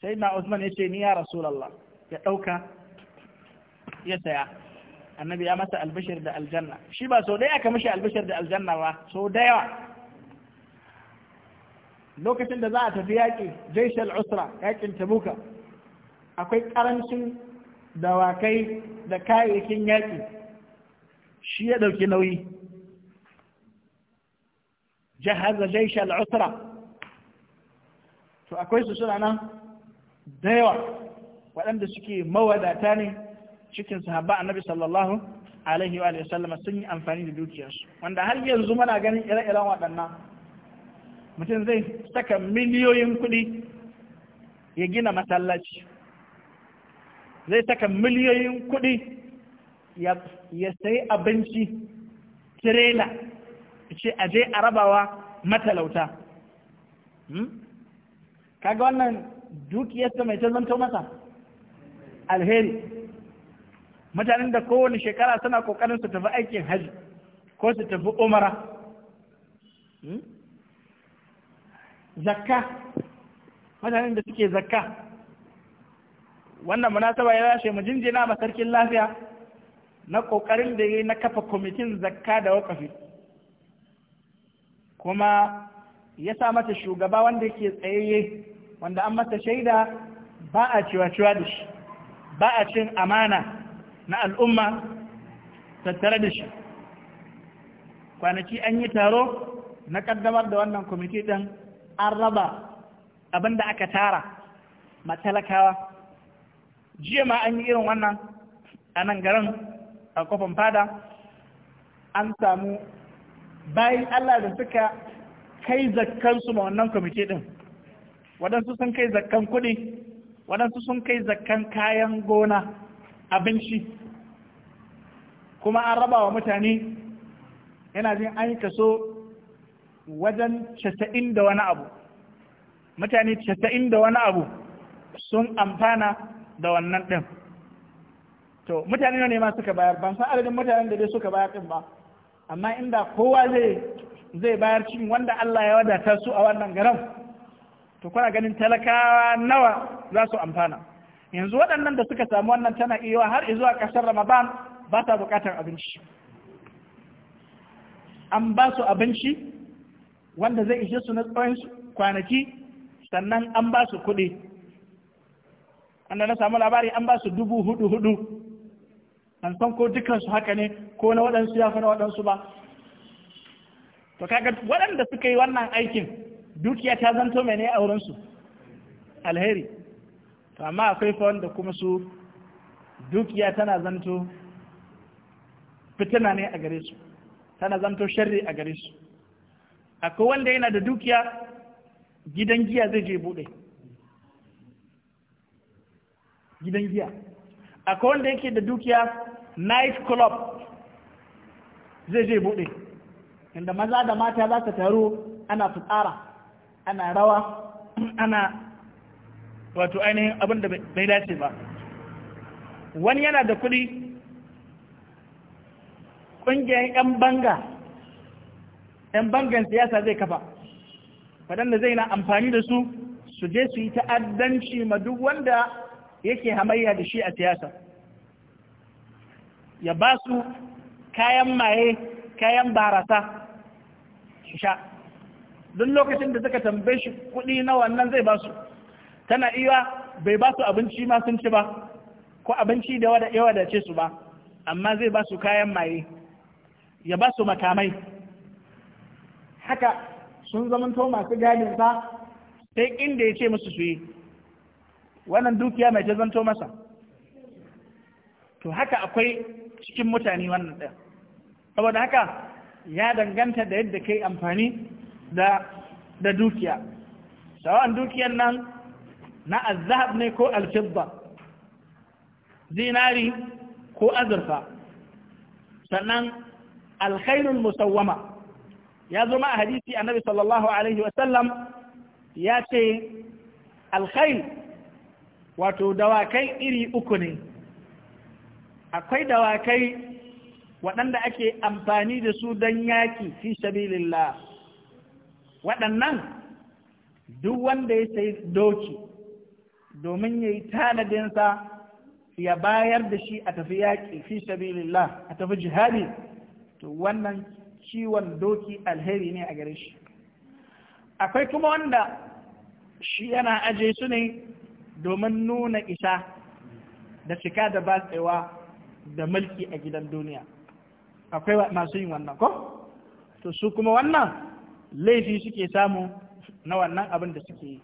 sai na usman ya ce ni ya rasulallah ya ɗauka ya saya annabi ya masa albishir da aljanna shi ba sau ɗaya aka mashi albishir da aljanna ba sau da yawa lokacin da za a tafi yaƙi jaishal usra yaƙin tabuka akwai ƙarancin dawakai da kayayyakin yaƙi shi ya ɗauki nauyi jihar jahaza jaish al'usura to akwai su suna nan da yawa waɗanda suke mawadata ne cikin sahaba annabi sallallahu alaihi wa sallama sun yi amfani da dukiyarsu wanda har yanzu muna ganin ire-iren waɗannan mutum zai saka miliyoyin kuɗi ya gina masallaci zai saka miliyoyin kuɗi ya sayi abinci tirela ce aje a rabawa matalauta hmm? kaga wannan dukiyarsa mai tazanto masa alheri mutanen da kowane shekara suna kokarin su tafi aikin hajji ko su tafi umara hmm? zakka mutanen da suke zakka wannan munasaba ya rashe mu jinjina ma sarkin lafiya na kokarin da yi na kafa kwamitin zakka da wakafi kuma ya sa mata shugaba wanda yake tsayayye wanda an masa shaida ba a ciwa-ciwa da shi ba a cin amana na al'umma tattare da shi kwanaki an yi taro na kaddamar da wannan kwamiti ɗin an raba abin da aka tara matalakawa jiya ma an yi irin wannan a nan garin a kofin fada an samu bayan Allah da suka kai zakkansu ma wannan kwamiti ɗin waɗansu sun kai zakkan kuɗi waɗansu sun kai zakkan kayan gona abinci kuma an raba wa mutane yana jin an yi kaso wajen casa'in da wani abu mutane casa'in da wani abu sun amfana da wannan ɗin to mutane ne ma suka bayar ban san adadin mutanen da dai suka bayar ɗin ba amma inda kowa zai zai bayar cikin wanda Allah ya wadata su a wannan garan to kuna ganin talakawa nawa za su amfana yanzu waɗannan da suka samu wannan tana iya har zuwa ƙasar Ramadan ba ta buƙatar abinci an ba su abinci wanda zai ishe su na tsawon kwanaki sannan an ba su kuɗi wanda na samu labari an ba su dubu hudu hudu an san ko dukansu haka ne ko na waɗansu ya fi na waɗansu ba to kaga waɗanda suka yi wannan aikin dukiya ta zanto mai a wurinsu alheri to amma akwai fa wanda kuma su dukiya tana zanto fitina ne a gare su tana zanto sharri a gare su akwai wanda yana da dukiya gidan giya zai je buɗe gidan giya akwai wanda yake da dukiya night club zai je bude, inda maza da mata za ta taru ana fitsara ana rawa ana wato ainihin abin da bai dace ba wani yana da kuɗi ƙungiyar 'yan banga 'yan bangan siyasa zai kafa waɗanda zai na amfani da su su je su yi ta'addanci ma duk wanda yake hamayya da shi a siyasa ya ba su kayan maye kayan barasa sha don lokacin da suka tambaye shi kudi na wannan zai ba su tana iya bai ba su abinci ma sun ci ba ko abinci da yawa da ce su ba amma zai ba su kayan maye ya ba su makamai haka sun zamanto masu gadin sa sai inda ya ce musu su yi wannan dukiya mai ta zanto masa to haka akwai cikin mutane wannan ɗin saboda haka ya danganta da yadda kai amfani da dukiya sawan dukiyar nan na azhab ne ko alfibba zinari ko azurfa sannan alkhairul musawwama ya zo ma a hadisi annabi sallallahu alaihi wasallam ya ce alkhair wato dawakai iri uku ne akwai dawakai waɗanda ake amfani da su don yaƙi fi sabilillah waɗannan duk wanda ya sayi doki domin ya yi tanadinsa ya bayar da shi a tafi yaƙi fi sabilillah a tafi jihadi to wannan ciwon doki alheri ne a gare shi akwai kuma wanda shi yana aje su ne domin nuna isa da cika da batsewa da mulki a gidan duniya akwai masu yin wannan ko to su kuma wannan laifi suke samu na wannan abin da suke yi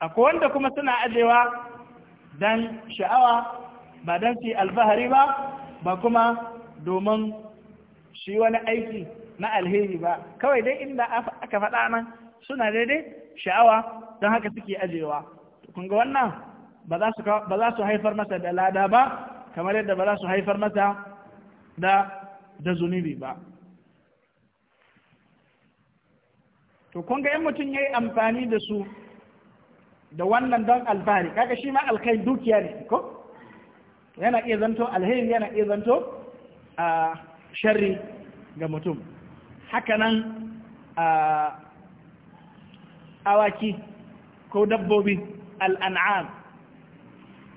akwai wanda kuma suna ajewa don sha'awa ba don su alfahari ba ba kuma domin shi wani aiki na alheri ba kawai dai inda aka faɗa nan suna daidai sha'awa don haka suke ajewa kun ga wannan ba za su haifar masa da lada ba kamar yadda ba za su haifar masa da zunubi ba to kun ga mutum ya yi amfani da su da wannan don alfahari kaga shi ma alkai dukiya ne ko yana iya zanto alheri yana iya zanto a sharri ga mutum hakanan a awaki ko dabbobi al'an'am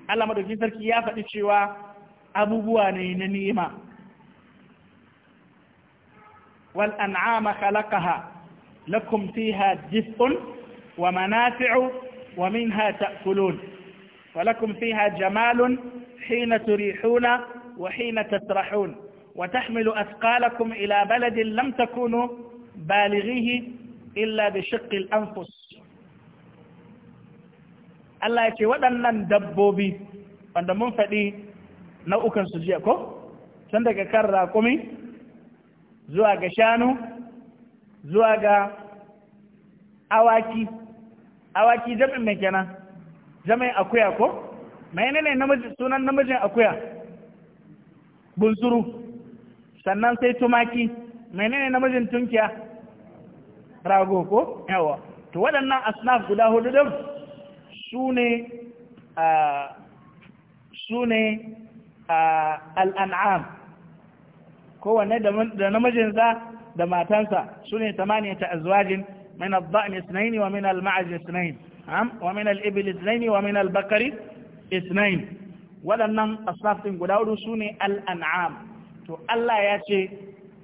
Allah madaukin sarki ya faɗi cewa abubuwa ne na nema wal an'ama khalaqaha lakum fiha jif'un wa manafi'u wa minha ta'kulun wa lakum fiha jamalun hina turihuna wa hina tasrahun wa tahmilu athqalakum ila baladin lam takunu balighihi illa bi shiqqi al-anfus Allah ya ce waɗannan dabbobi wanda mun faɗi nau'ukan su jiya ko tun daga kan raƙumi zuwa ga shanu zuwa ga awaki awaki jami'in mai kenan jami'in akuya ko mai ne sunan namijin akuya bunsuru sannan sai tumaki mai ne namijin tunkiya rago ko yawa to waɗannan asnaf guda hudu don? su ne su ne al'an'am kowanne da namijinsa da matansa su ne tamaniyata azwajin min al-ba'in isnaini wa min al-ma'aj isnaini wa min al-ibil isnaini wa min al-bakari isnaini waɗannan asafin guda hudu su ne al'an'am to Allah ya ce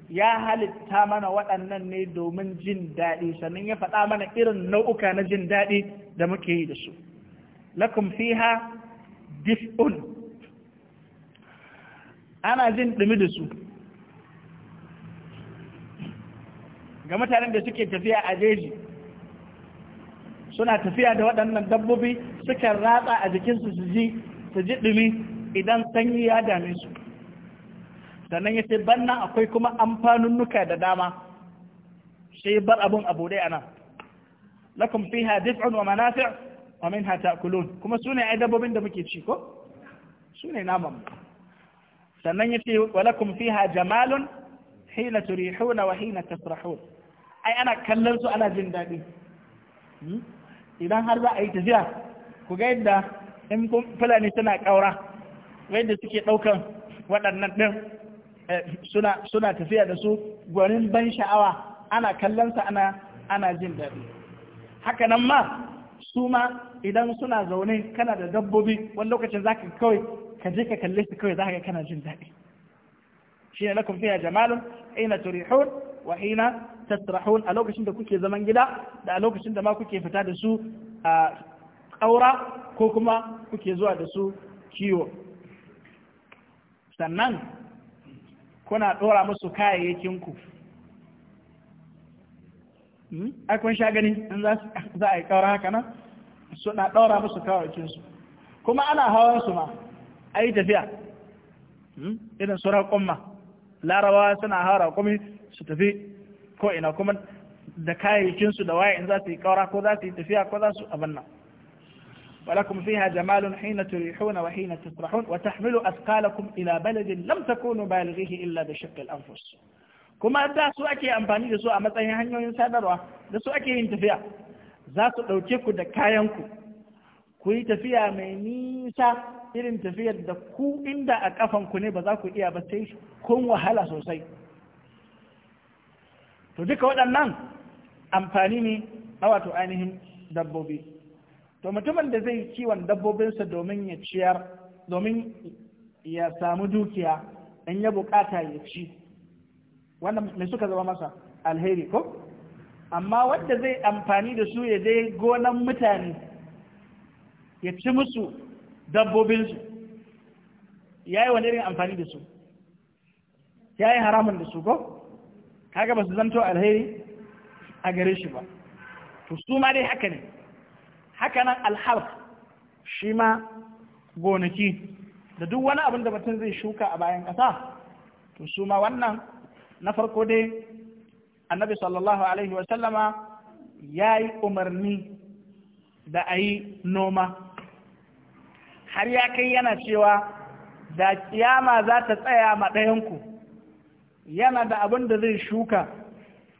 ya halitta mana waɗannan ne domin jin daɗi sannan ya faɗa mana irin nau'uka na jin daɗi da muke yi da su lakum fiha dif'un ana jin dumi da su ga mutanen da suke tafiya a jeji suna tafiya da waɗannan dabbobi suka ratsa a jikinsu su ji su ji dumi idan sanyi ya dame su sannan ya banna akwai kuma amfanunnuka da dama sai bar abun abu dai anan lakum fiha dif'un wa manafi' wa min hata kulun kuma su ne ai dabbobin da muke ci ko su ne naman sannan ya ce walakum fiha jamalun hina turihuna wa hina tasrahun ai ana kallon su ana jin daɗi hmm? idan har za a yi tafiya ku ga yadda in fulani suna ƙaura wanda suke ɗaukan waɗannan ɗin eh, suna tafiya da su gwanin ban sha'awa ana su ana ana jin daɗi haka nan ma Suma idan suna zaune kana da dabbobi wani lokacin za ka kawai ka je ka kalle su kawai za ka kana jin daɗi shi ne lakum fiya jamalun ina turihun wa ina a lokacin da kuke zaman gida da a lokacin da ma kuke fita da su a ƙaura ko kuma kuke zuwa da su kiwo sannan kuna ɗora musu kayayyakinku akwai hmm? sha gani in za a yi ƙaura haka nan suna ɗaura musu kawakinsu kuma ana hawan su ma a yi tafiya hmm? irin su raƙon ma suna hawa raƙumi su tafi ko ina kuma da kayayyakinsu da waye in za su yi ƙaura ko za su yi tafiya ko za su abin nan ولكم فيها جمال حين تريحون وحين تسرحون وتحملوا أثقالكم إلى بلد لم تكونوا بالغيه إلا بشق الأنفس كما أدى سوء أكي أمباني مثلا هنيو ينسادروا لسوء أكي ينتفيع za su ɗauke ku da kayanku ku yi tafiya mai nisa irin tafiyar da ku inda a ƙafanku ne ba za ku iya ba sai kun wahala sosai to duka waɗannan amfani ne a wato ainihin dabbobi to mutumin da zai kiwon dabbobinsa domin ya ciyar domin ya samu dukiya in ya bukata ya ci wannan mai suka zama masa alheri ko amma wanda zai amfani da su ya je gonan mutane ya ci musu dabbobinsu ya yi wani irin amfani da su ya yi haramun da su ko kaga ba su zanto alheri a gare shi ba to su ma dai haka ne haka nan alharf shi ma gonaki da duk wani abin da mutum zai shuka a bayan ƙasa to su ma wannan na farko dai annabi sallallahu alaihi wasallama ya yi umarni da a yi noma har ya kai yana cewa da kiyama za ta tsaya ma ɗayanku yana da abin da zai shuka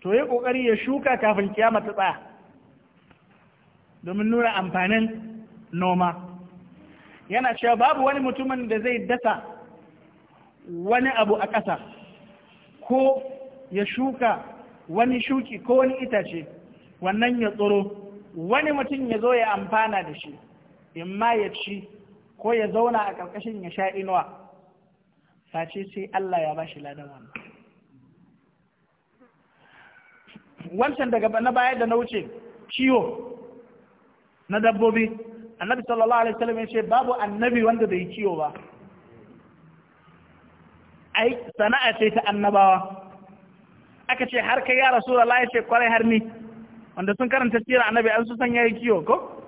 to yi ƙoƙari ya shuka kafin kiyama ta tsaya domin nuna amfanin noma yana cewa babu wani mutumin da zai dasa wani abu a ƙasa ko ya shuka wani shuki ko wani itace wannan ya tsoro wani mutum ya zo ya amfana da shi in ma ya ci ko ya zauna a ƙarƙashin ya sha inuwa face sai Allah ya ba shi ladan wannan wancan daga na baya da na wuce ciwo na dabbobi annabi sallallahu alaihi wasallam ya ce babu annabi wanda bai ciwo ba ai sana'a ce ta annabawa aka ce har kai ya rasu ya ce kwarai har ni wanda sun karanta sira annabi an su san yayi kiyo ko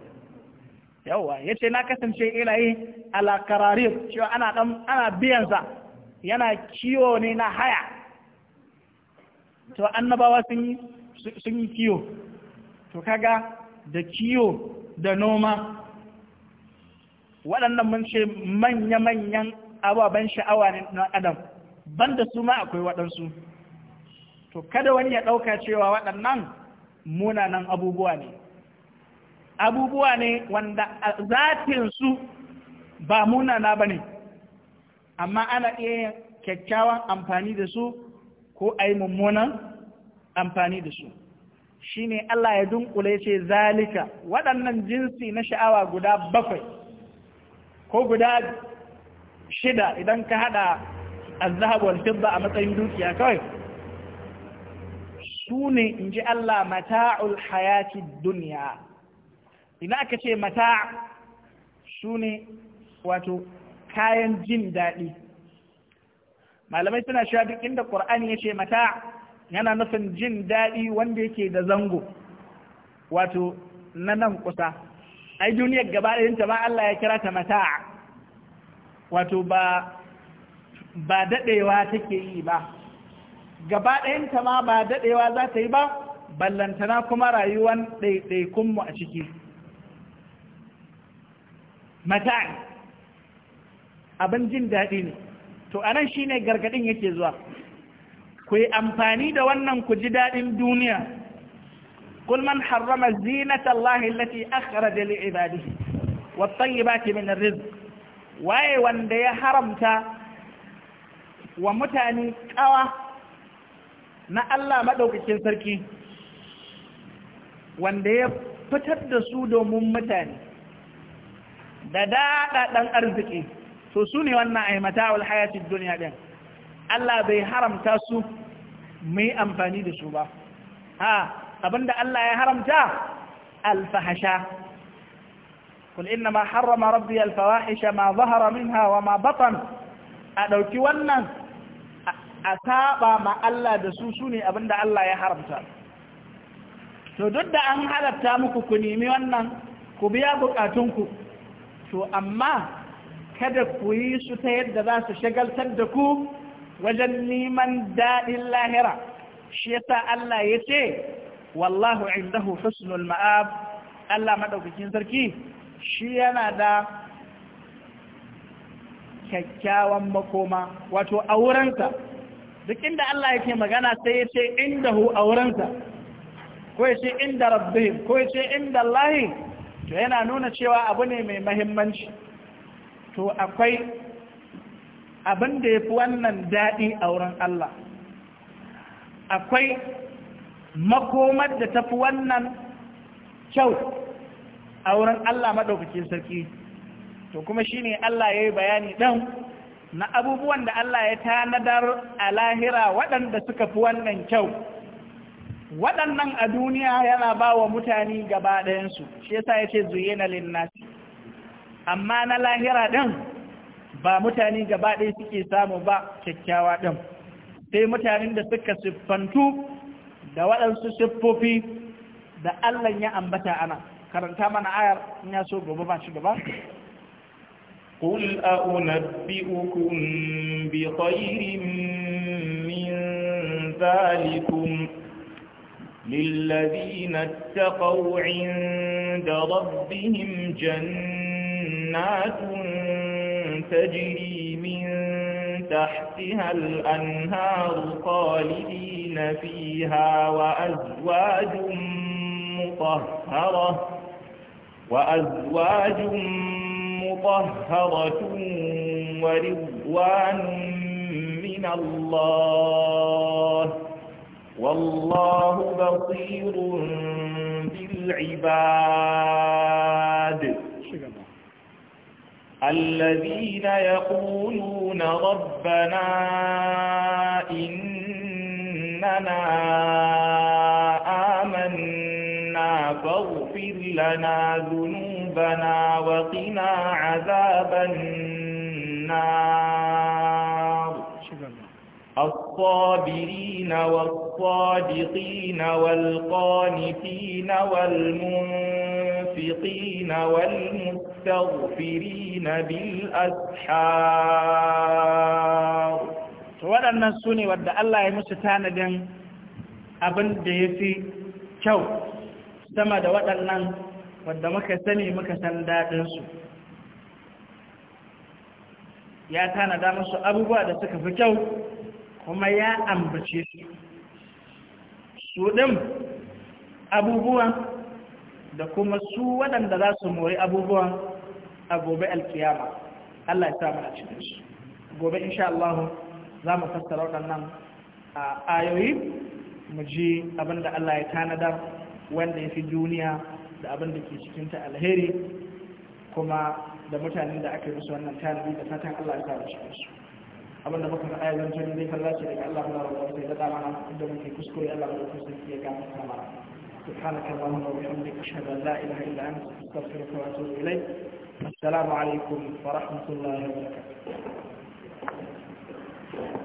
yawa yace na kasance ina yi ala cewa ana dan ana biyan sa yana kiyo ne na haya to annabawa sun yi sun yi kiyo to kaga da kiyo da noma waɗannan mun ce manya-manyan ababen sha'awa ne na adam banda su ma akwai waɗansu to kada wani ya ɗauka cewa waɗannan munanan abubuwa ne abubuwa ne wanda zatinsu ba munana ba ne amma ana iya kyakkyawan amfani da su ko a yi mummunan amfani da su shi ne Allah ya dunkule ce zalika waɗannan jinsi na sha'awa guda bakwai ko guda shida idan ka haɗa azahab wal fidda a matsayin dukiya kawai su ne in ji Allah mata'ul hayati duniya ina aka ce mata' su wato kayan jin daɗi malamai suna sha duk inda ƙur'ani ya ce mata yana nufin jin daɗi wanda yake da zango wato na nan kusa ai duniyar gaba ɗayanta ma Allah ya kira ta mata wato ba daɗewa take yi ba gaba ɗayanta ma ba daɗewa za ta yi ba ballantana kuma rayuwan ɗaiɗaikunmu a ciki mata'in abin jin daɗi ne to anan shi ne gargaɗin yake zuwa ku yi amfani da wannan ku ji daɗin duniya Gulman harrama zinata Allahi lati akhraja li ibadihi wa tayyibati min rizq waye wanda ya haramta wa mutane kawa na Allah maɗaukakin sarki wanda ya fitar da su domin mutane da daɗaɗɗen arziki to su ne wannan aimata alhayatun duniya ɗin Allah bai haramta su mai amfani da su ba ha abinda Allah ya haramta alfahasha kul inna ma harrama rabbi alfawahisha ma zahara minha wa ma batan a ɗauki wannan a saba ma Allah da su su ne abinda Allah ya haramta to duk da an halatta muku ku nemi wannan ku biya bukatunku to amma kada ku yi su ta yadda za su shagaltar da ku wajen neman daɗin lahira shi yasa Allah ya ce wallahu indahu husnul ma'ab Allah maɗaukakin sarki shi yana da kyakkyawan makoma wato a wurinsa duk inda Allah yake magana sai ya ce hu a wurinsa ko ya ce inda rabbihim ko ya ce inda Allahi to yana nuna cewa abu ne mai mahimmanci to akwai abin da ya fi wannan daɗi a wurin Allah akwai makomar da ta fi wannan kyau a wurin Allah maɗaukakin sarki to kuma shi ne Allah ya yi bayani ɗan na abubuwan da Allah ya tanadar a lahira waɗanda suka fi wannan kyau waɗannan a duniya yana ba wa mutane gaba ɗayansu shi yasa ya ce na linnasi amma na lahira ɗin ba mutane gaba ɗaya suke samu ba kyakkyawa ɗin sai mutanen da suka siffantu da waɗansu siffofi da Allah ya ambata ana karanta mana ayar in ya so gobe ba shi gaba قل أأنبئكم بخير من ذلكم للذين اتقوا عند ربهم جنات تجري من تحتها الأنهار خالدين فيها وأزواج مطهرة وأزواج مطهرة مطهرة ورضوان من الله والله بصير بالعباد الذين يقولون ربنا إننا آمنا فاغفر لنا ذنوبنا ربنا وقنا عذاب النار الصابرين والصادقين والقانتين والمنفقين والمستغفرين بالأسحار waɗannan su ne wadda Allah ya musu tanadin abin da ya fi wadda muka sani muka san daɗinsu ya tanada musu abubuwa da suka fi kyau kuma ya ambace su su ɗin abubuwan da kuma su waɗanda za su mori abubuwan a gobe alkiyama Allah ya samu a cikinsu gobe insha Allah za mu fassara waɗannan ayoyi mu ji abinda Allah ya tanada wanda ya fi duniya da abin da ke cikinta alheri kuma da mutanen da aka yi musu wannan tanadi da fatan Allah ya sa cikin su abin da muka faɗa yanzu ne zai falla ce daga Allah na rabuwa sai da dama inda muke kuskure Allah mu kusa ki ya gama sama سبحانك اللهم وبحمدك اشهد ان لا اله الا انت استغفرك واتوب اليك السلام عليكم rahmatullahi الله وبركاته